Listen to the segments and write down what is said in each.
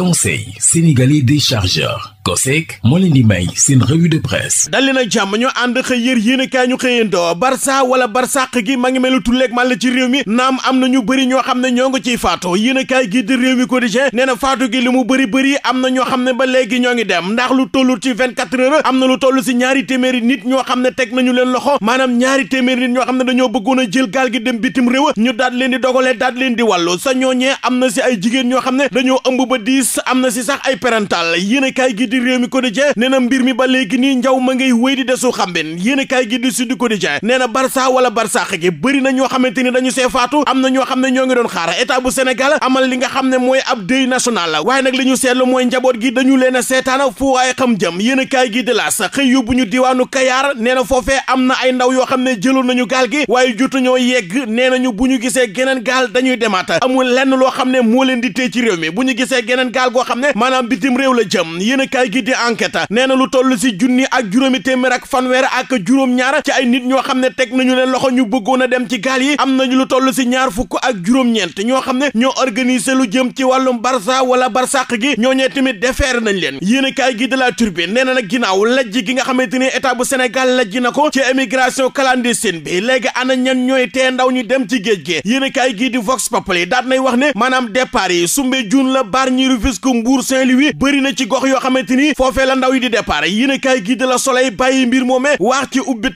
conseil sénégalais des chargeurs COSEC moo leen di may seen revue de presse dali jàmm ñu ànd xëy yër yéenekaay ñu xëyandoo barça wala barsàq gi ma ngi melu tulleeg man la ci réew mi naam am na ñu bari ñoo xam ne ñoo ngi ciy faatu yéenekaay gi di réew mi quotidien nee na faatu gi li mu bëri bëri am na ñoo xam ne ba léegi ñoo ngi dem ndax lu tollu ci 24 heures am na lu toll si ñaari téeméeri nit ñoo xam ne teg nañu leen loxo maanaam ñaari téeméeri nit ñoo xam ne dañoo bëggoon a jël gaal gi dem bitim réew ñu daat leen di dogale daat leen di wàllu sa ñooñee am na si xam ne gis am na si sax ay parental yéenekaay gi di Rewmi Quotidien nee na mbir mi ba léegi nii njaw ma ngay wéy di desu xambin yéenekaay gi di Sud Quotidien nee na Barça wala Barsax gi bëri na ñoo xamante ni dañu see faatu am na ñoo xam ne ñoo ngi doon xaar état bu Sénégal amal li nga xam ne mooy ab deuil national la waaye nag li ñu seetlu mooy njaboot gi dañu leen a seetaana fu waaye xam jëm yéenekaay gi di L'As xëy yóbbu ñu diwaanu Kayaar nee na foofe am na ay ndaw yoo xam ne jëloo nañu gaal gi waaye jotuñoo yegg nee nañu bu ñu gisee geneen gaal dañuy demaat amul lenn loo xam ne moo leen di tee ci réew mi bu ñu gisee geneen gaal goo xam ne a kaay gi di enquête nee na lu toll si junni ak juróomi téeméer ak fanweer ak juróom-ñaar ci ay nit ñoo xam ne teg nañu leen loxo ñu bëggoon a dem ci gaal am nañu lu toll si ñaar fukk ak juróom-ñeent ñoo xam ne ñoo organiser lu jëm ci wàllum barça wala barsàq gi ñooñee tamit defeer nañ leen yéen a kaay gi de la turbine nee na ginnaaw lajj gi nga xamante ni état bu Sénégal lajj na ko ci émigration clandestine bi léegi ana ñan ñooy tee ndaw ñu dem ci géej gi yéen a kaay gi di Vox Populi daat nay wax ne maanaam départ yi sumbe juun la bar ñi puisque Mbour Saint-Louis ci gox yoo xamante ni foofee la ndaw yi di départ yéen a kaay gi de la Soleil bàyyi mbir moomee wax ci ubbi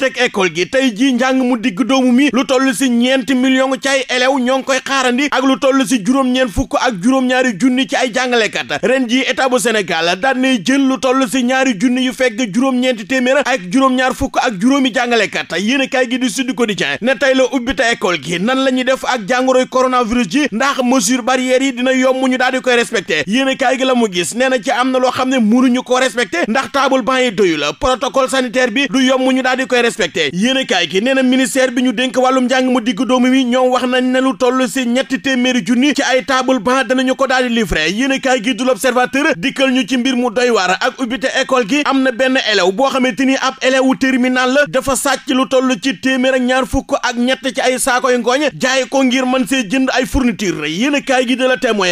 gi tey jii njàng mu digg doomu mi lu toll si ñeenti million ci ay élèves ñoo ngi koy xaarandi ak lu toll si juróom-ñeent fukk ak juróom-ñaari junni ci ay jàngalekat ren jii état bu Sénégal daan nay jël lu toll si ñaari junni yu fekk juróom-ñeenti téeméer ak juróom-ñaar fukk ak juróomi jàngalekat yéen a kaay gi di Sud Quotidien ne tey la ubbi teg école gi nan la ñuy def ak jàngoroy coronavirus ji ndax mesure barrière yi dina di koy respecté yéenekaay gi na ci am na loo xam ne mënuñu ko respecté ndax taabal ban yi doyu la protocole sanitaire bi du yomb ñu daal di koy respecté yéenekaay gi nee na ministère bi ñu dénk wàllum njàng mu digg doomu mi ñoom wax nañ ne lu toll si ñetti téeméeri junni ci ay table ban danañu ko daal di livré yéenekaay gi du l'observateur dikkal ñu ci mbir mu doy waar ak ubbite école gi am na benn élève boo xamante ni ab élève wu terminal la dafa sàcc lu toll ci téeméer ak ñaar fukk ak ñett ci ay saakoy ngooñ jaay ko ngir mën see jënd ay fourniture yéenekaay gi de la témoin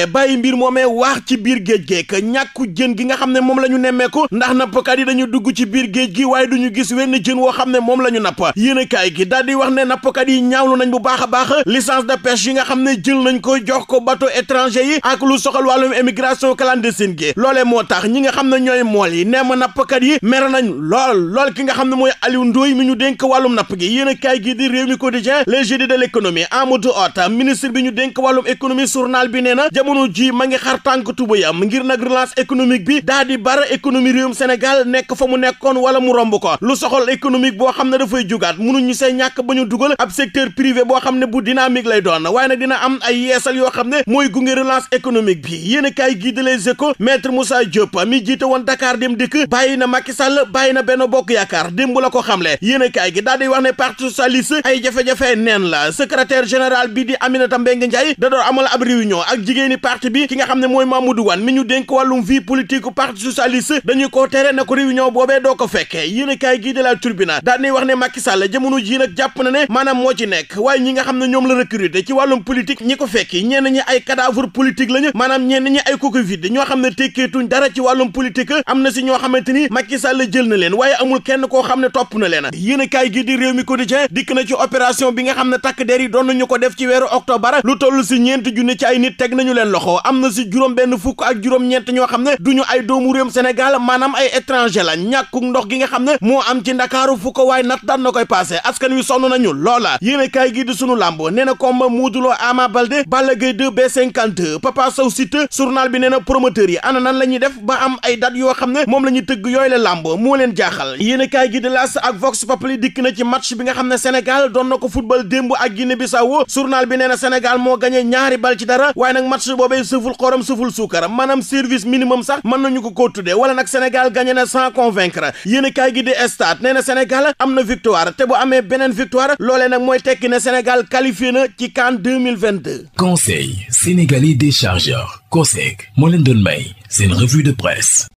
ci biir géej geek ñàkk jën gi nga xam ne moom la ñu nemmeeku ndax nappkat yi dañu dugg ci biir géej gi waaye du ñu gis wenn jën woo xam ne moom la ñu napp yéenekaay gi daal di wax ne nappkat yi ñaawlu nañ bu baax a baax licence de pêche yi nga xam ne jël nañ ko jox ko bateau étranger yi ak lu soxal wàllum émigration clandestine gi loolee moo tax ñi nga xam ne ñooy mool yi neema nappkat yi mer nañ lool lool ki nga xam ne mooy Aliou Ndoye mi ñu dénk wàllum napp gi yéenekaay gi di Rewmi Quotidien les jeudi de l'économie Amadou Hott ministre bi ñu dénk wàllum économie journal bi nee na jamono ji ma ngi xar tànk tubayam ngir nag relance économique bi daa di bara économie réewum Sénégal nekk fa mu nekkoon wala mu romb ko lu soxal économique boo xam ne dafay jugaat mënuñu see ñàkk ba ñu dugal ab secteur privé boo xam ne bu dynamique lay doon waaye nag dina am ay yeesal yoo xam ne mooy gunge relance économique bi yéen a kaay gii de Les Échos maître Moussa Diop mi jiite woon Dakar dem dikk bàyyi na Macky Sall na Benno Bokk Yaakaar démb la ko xamle yéen a kaay gi daal wax bi di Aminata Mbengue Ndiaye da doon amal ab réunion ak Mamadou Wane mi ñu dénk wàllum vie politique parti socialiste dañu ko tere na ko réunion boobee doo ko fekkee yéen kaay gii de la tribunal daan wax ne Macky Sall jamono jii nag jàpp na ne maanaam moo ci nekk waaye ñi nga xam ne ñoom la recruter ci wàllum politique ñi ko fekki ñenn ñi ay cadavre politique lañu maanaam ñenn ñi ay coquille ñoo xam ne tekkeetuñ dara ci wàllum politique am na si ñoo xamante ni Macky Sall jël na leen waaye amul kenn koo xam ne topp na leen fukk ak juróom-ñeent ñoo xam ne duñu ay doomu réewum Sénégal maanaam ay étranger la ñàkkug ndox gi nga xam ne moo am ci Ndakaaru fukk waay waaye nat daan na koy passé askan wi sonn nañu loola yéene kaay gi di sunu làmb nee na combat Modou Lo Ama Baldé Balla Gaye 2 B52 Papa Sow Siteu journal bi nee na yi ana nan la ñuy def ba am ay date yoo xam ne moom la ñuy tëgg yooyu la làmb moo leen jaaxal yéene kaay gi di L'As ak Vox Populi dikk na ci match bi nga xam ne Sénégal doon na ko football démb ak Guinée Bissau journal bi nee na Sénégal moo gagné ñaari bal ci dara waaye nag match boobee sëful xorom sëful suuk sukar maanaam service minimum sax mën nañu ko koo tuddee wala nag Sénégal gagné na sans convaincre yéen kaay gi di stade nee na Sénégal am na victoire te bu amee beneen victoire loolee nag mooy tekki ne Sénégal qualifié na ci CAN 2022. Conseil sénégalais des chargeurs COSEC moo leen doon may seen revue de presse.